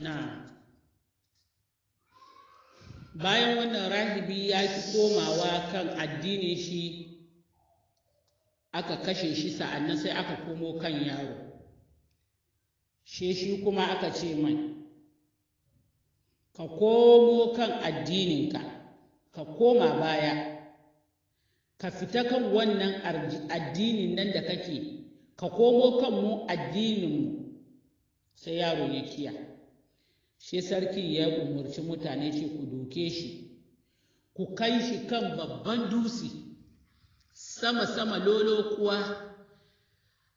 na bayan wannan rahibi ya fi komawa kan addini shi aka kashe shi sa'annan sai aka komo kan yaro shi shi kuma aka ce mai ka komo kan addininka ka koma baya ka fita kan wannan addinin nan da kake ka komo kan mu addininmu sai yaro ya kiya. shi sarki ya umarci mutane shi ku doke shi ku kai shi kan babban dutse sama-sama lolo kuwa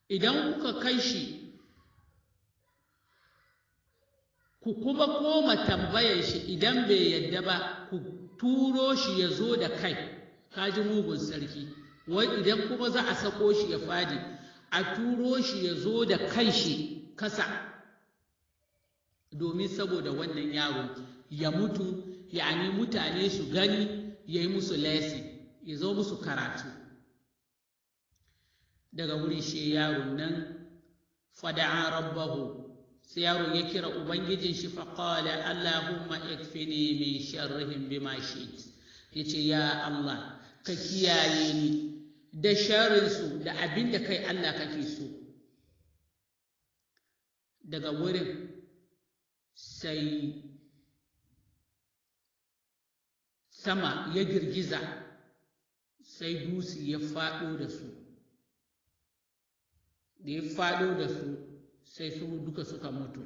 idan kuka kai shi ku kuma koma tambayar shi idan bai yadda ba ku turo shi ya zo da kai kaji mugun sarki wai idan kuma za a sako shi ya fadi a turo shi ya zo da kai shi kasa domin saboda wannan yaro ya mutu ya yani mutane su gani ya yi musu lesi ya zo musu karatu daga wuri shi yaron nan fada'an rabbahu sai yaro ya kira ubangijin shi faƙala allahumma ikfini min sharrihim bima ma yace ya allah ka kiyaye ni da sharinsu da abin da kai Allah kake so daga wurin sai sama ya girgiza sai dutse ya faɗo da su da ya faɗo da su sai su duka suka mutu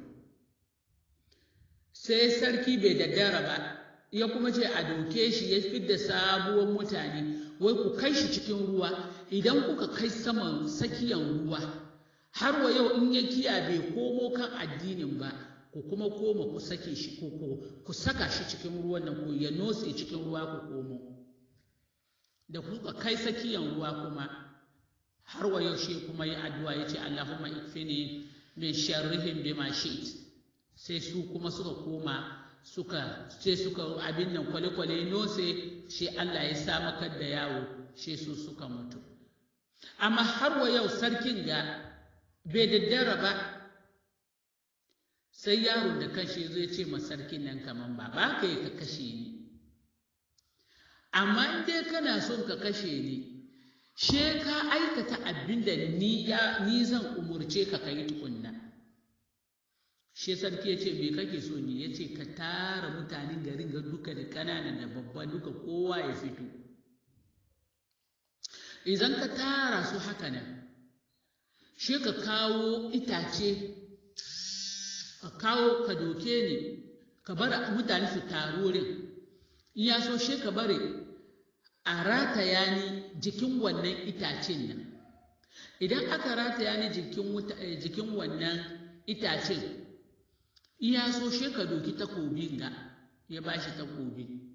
sai sarki bai daddara ba ya kuma ce a doke shi ya fidda sabuwar mutane wai ku kai shi cikin ruwa idan kuka kai saman sakiyan ruwa har wa yau in ya kiya bai komo kan addinin ba ku kuma koma ku sake shi ko ku saka shi cikin ruwan nan ku ya notse cikin ruwa ku komo da kuka kai sakiyan ruwa kuma har wa yaushe kuma ya addu'a yace Allahumma ikfini min sharrihim bima shi'it sai su kuma suka koma suka sai suka abin nan kwale-kwale nose shi Allah ya sa maka da yawo shi su suka mutu amma har wa yau sarkin ga bai daddara ba sai yaron da kashe zai ce ma sarkin nan kaman ba ba ka yi ka kashe ni amma in dai kana son ka kashe ni she ka aikata abin da ni zan umurce ka ka yi tukunna she sarki ya ce me kake so ni ya ce ka tara mutanen garin ga duka da kananan da babba duka kowa ya fito idan ka tara su haka nan she ka kawo itace ka kawo ka doke ni ka bar mutane su taru wurin in ya so shi ka bari a rataya ni jikin wannan itacen nan idan aka rataya ni jikin eh, wannan itacen in ya so shi ka doki takobin ga ya ba shi takobi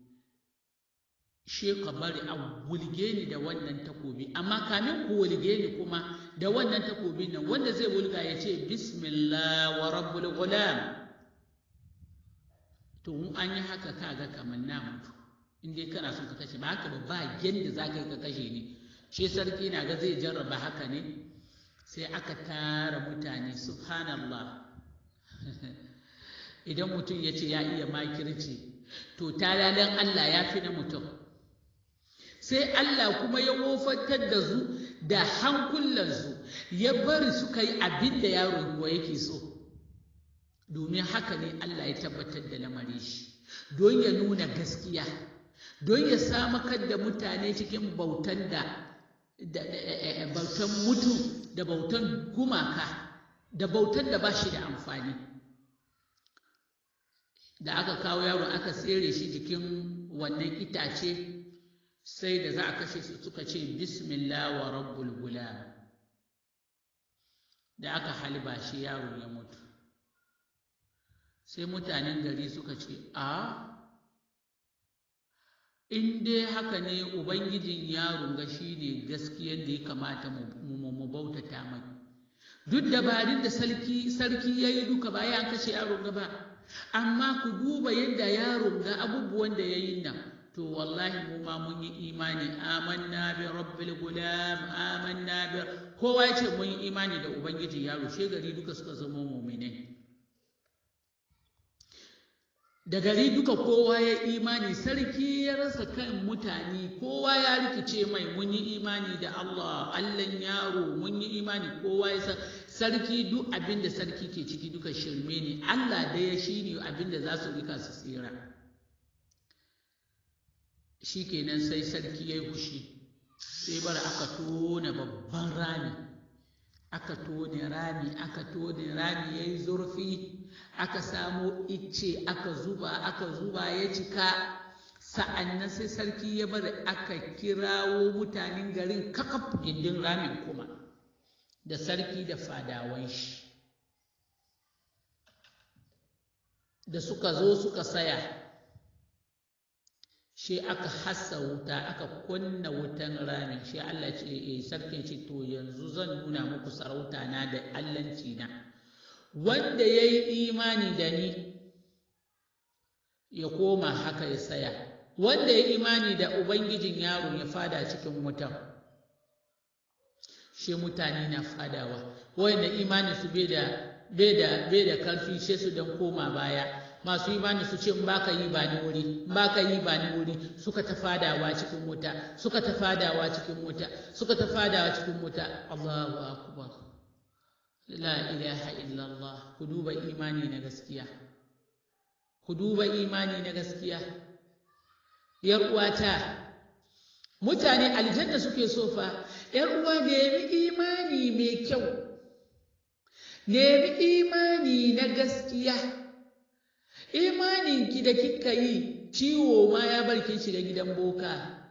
she bari a wulge ni da wannan takobi amma kamin ku wulge ni kuma da wannan takobi nan wanda zai wulga ya ce bismillah wa rabbul gulam to an yi haka ka ga kamar na mutu in dai kana son ka kashe ba haka ba ba yadda za ka kashe ni shi sarki na ga zai jarraba haka ne sai aka tara mutane subhanallah idan mutum ya ce ya iya makirci to talalan Allah ya fi na mutum sai Allah kuma ya wofantar da su da hankulansu ya bari suka yi abin da yaro ruwa yake so domin haka ne Allah ya tabbatar da lamari shi don ya nuna gaskiya don ya samakar da mutane cikin bautan da eh, eh, eh, bautan mutu da bautan gumaka da bautan da ba shi da amfani da aka kawo yaro aka tsere shi jikin wannan itace sai da za a kashe su suka ce bismillah wa rabbul gulam da aka halba shi yaro ya mutu sai mutanen gari suka ce a in dai haka ne ubangijin yaron ga shi ne gaskiyar da ya kamata mu bautata mai duk dabarun da sarki sarki ya yi duka bayan kashe yaron ga amma ku duba yadda yaron ga abubuwan da ya yi nan to wallahi mu ma mun yi imani amanna bi rabbil gulam amanna bi kowa ya ce mun yi imani da ubangiji yaro she gari duka suka zama mu'minai da gari duka kowa ya imani sarki ya rasa kan mutane kowa ya rikice mai mun yi imani da Allah allan yaro mun yi imani kowa ya sarki duk abinda sarki ke ciki duka shirme ne Allah da ya shi ne abin za su rika su tsira shi kenan sai sarki ya yi hushi sai bar aka tona babban rami aka tone rami aka tone rami ya yi zurfi aka samo icce aka zuba aka zuba ya cika sa'annan sai sarki ya bari aka kirawo mutanen garin kakaf gindin ramin kuma da sarki da fadawan shi da suka zo suka saya shi aka hassa wuta aka kunna wutan ramin shi Allah ce eh, sarkin ce to yanzu zan nuna muku sarauta na da allanci na wanda ya yi imani da ni ya koma haka ya saya wanda ya imani da ubangijin yaro ya fada cikin wutan shi mutane na fadawa wanda imani su bai da bai da bai da karfi shi su dan koma baya masu imani su ce in baka yi ba ni wuri in baka yi ba ni wuri suka ta fadawa cikin wuta suka ta fadawa cikin wuta suka ta fadawa cikin wuta Allahu akbar la ilaha illallah ku duba imani na gaskiya ku duba imani na gaskiya yar uwata mutane aljanna suke so fa yar uwa nemi imani mai kyau nemi imani na gaskiya imaninki da kika yi ciwo ma ya barke shi da gidan boka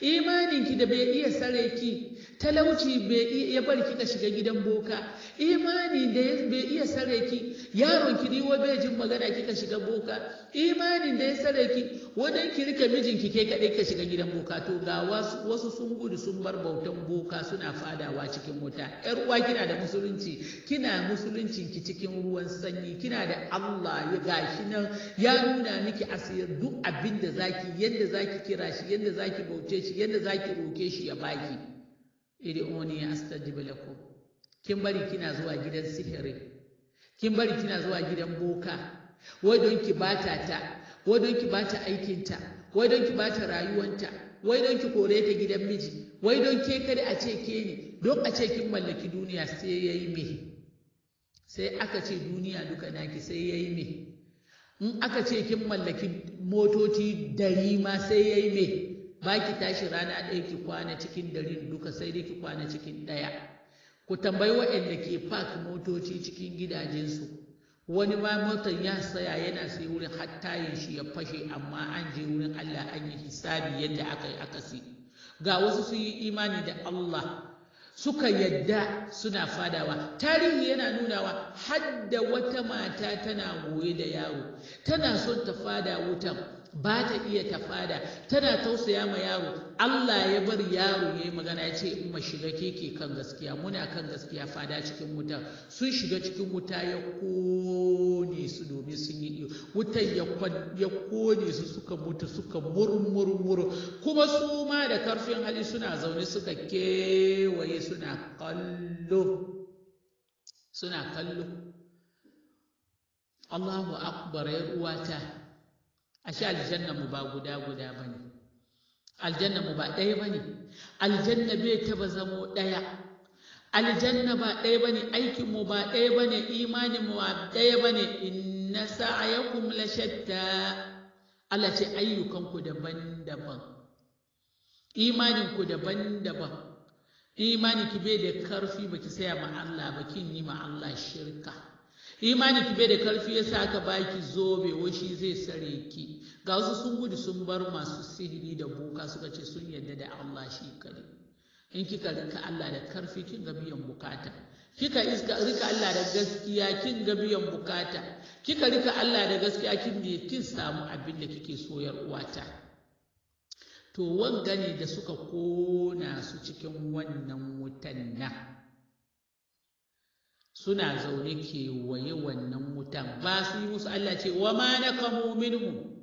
imaninki da bai iya sare ki talauci bai iya bar kika shiga gidan boka imani da bai iya sare ki yaron ki ni wai bai jin magana kika shiga boka imanin da ya sare ki wadan ki rike mijin ki ke kadai ka shiga gidan boka to ga wasu wasu sun gudu sun bar bautan boka suna fadawa cikin wuta yar uwa kina da musulunci kina musuluncin ki cikin ruwan sanyi kina da Allah ya gashi nan ya nuna miki asiyar duk abin da zaki yadda zaki kira shi yadda zaki bauce shi yadda zaki roke shi ya baki iri oni astajib lakum kin bari kina zuwa gidan sihiri kin bari kina zuwa gidan boka wai don ki bata ta wai don ki bata aikinta wai don ki bata rayuwanta wai don ki kore ta gidan miji wai don ke kada a ce ke ne don a ce kin mallaki duniya sai yayi me sai aka ce duniya duka naki sai yayi me in aka ce kin mallaki motoci dari ma sai yayi me ba ki tashi rana ɗaya ki kwana cikin darin duka sai dai ki kwana cikin ɗaya ku tambayi waɗanda ke park motoci cikin gidajensu wani ma motar ya saya yana sai wurin hattayin shi ya fashe amma an je wurin Allah an yi hisabi yadda aka yi akasi ga wasu sun yi imani da Allah suka yadda suna fadawa tarihi yana nunawa hadda wata mata tana goye da yaro tana son ta fada wutan ba ta iya tafada tana tausaya ma yaro Allah ya bar yaro ya yi magana ya ce in shiga keke kan gaskiya muna kan gaskiya fada cikin wuta sun shiga cikin wuta ya kone su domin sun yi iyo wutan ya kone su suka mutu suka murmurmuru kuma su ma da karfin hali suna zaune suka kewaye suna kallo suna kallo Allahu akbar ya uwata ashe aljanna mu ba guda guda bane aljanna mu ba ɗaya bane aljanna bai taba zamo ɗaya aljanna ba ɗaya bane aikin mu ba ɗaya bane imanin mu ba ɗaya bane inna sa'ayakum la shatta Allah ce ayyukan ku daban-daban imanin ku daban-daban imanin ki bai da karfi baki saya ma Allah kin yi ma Allah shirka imani ki bai da karfi sa ka baki zobe washi zai sare ki ga wasu sun gudu sun bar masu sihiri da boka suka ce sun yarda da Allah shi kare in kika rika Allah da karfi kin ga biyan bukata kika iska rika Allah da gaskiya kin ga biyan bukata kika rika Allah da gaskiya kin ne kin samu abin da kike soyar uwata to wangane da suka kona su cikin wannan wutan nan suna zaune ke waye wannan mutan, ba su yi musu Allah ce wa ma na kamo minhu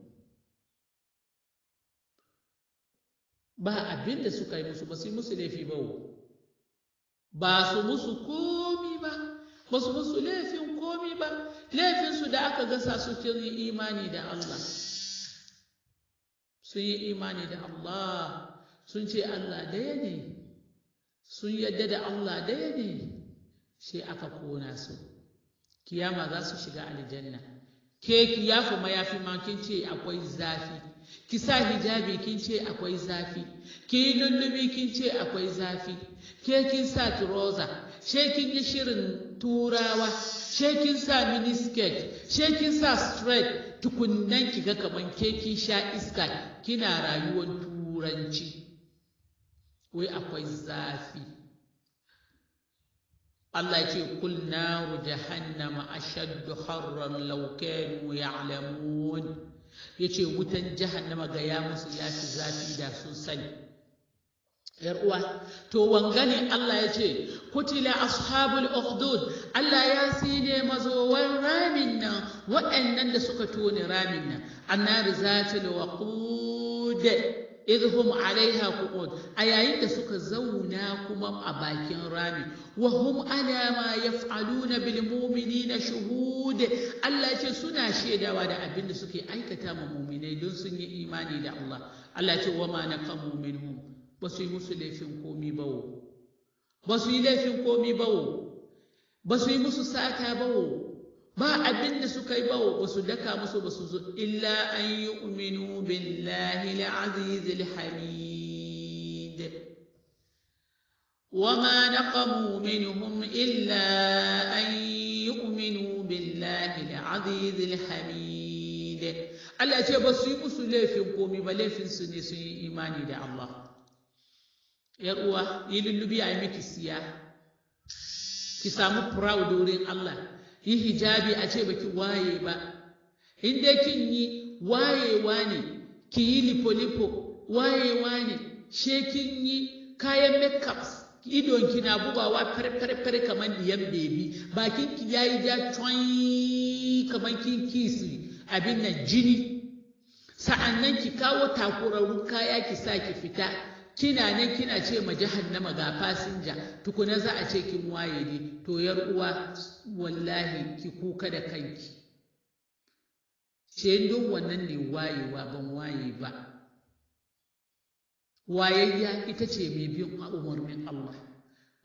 ba abin da suka yi musu ba su yi musu laifi ba ba su musu komi ba ba su musu laifin komi ba laifinsu da aka gasa su yi imani da Allah sun yi imani da Allah sun ce Allah daya ne sun yadda da Allah daya ne shi aka kona su kiyama za su shiga aljanna ke kiyafu mayafi ma kin ce akwai zafi ki sa hijabi kin ce akwai zafi ki yi lullubi kin ce akwai zafi ke kin sa turoza she kin yi shirin turawa she kin sa minisket she kin sa straight tukunnan ki ga kaman ke kin sha iska kina rayuwar turanci wai akwai zafi الله يجي قل نار جهنم أشد حرا لو كانوا يعلمون يجي وتن جهنم قيام سياس ذاتي دا سوسي يروى تو وانغني الله يجي قتل أصحاب الأخدود الله ياسين مزو رامنا وأن نند سكتون رامنا النار ذات الوقود idhum alaiha kuqud a yayin da suka zauna kuma a bakin rami wa hum ala ma yaf'aluna bil mu'minina shuhud Allah ce suna shaidawa da abin da suke aikata ma mu'minai don sun yi imani da Allah Allah ce wa ma naqamu minhum ba su yi musu laifin komi bawo ba su yi laifin komi bawo ba su yi musu sata bawo ba abin da suka yi ba ba su daka musu ba su zo illa an yi uminu billahi al-aziz al-hamid وما نقموا منهم إلا أن يؤمنوا بالله العزيز الحميد Allah ce ba su yi musu laifin komi ba laifin su ne sun yi imani da Allah yar uwa yi lullubi a miki siya ki samu proud wurin Allah yi hijabi a ce baki waye ba in dai kin yi wayewa ne ki yi lipo-lipo wayewa ne she kin yi kayan makeups idon ki na bugawa far-far-far kamar diyan bebi bakin ki yi ja kamar kin kisi abin nan jini sa'annan ki kawo takurarrun kaya ki sa ki fita kina nan kina ce ma jahannama ga fasinja tukuna za a ce kin waye ne to yar uwa wallahi ki kuka da kanki ce duk wannan ne wayewa ban waye ba wayayya ita ce mai bin umarnin Allah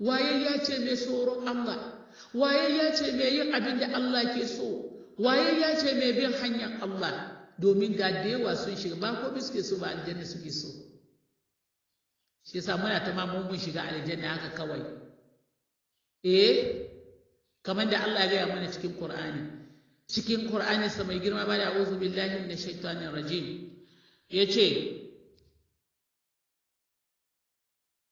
wayayya ce mai tsoron Allah wayayya ce mai yin abin da Allah ke so wayayya ce mai bin hanyar Allah domin ga da yawa sun shiga ba ko biske su ba aljanna suke so shi yasa muna ta ma mun shiga aljanna haka kawai eh kamar da Allah ya gaya mana cikin Qur'ani cikin Qur'ani sa mai girma bada a'udhu billahi minash shaitanir rajim yace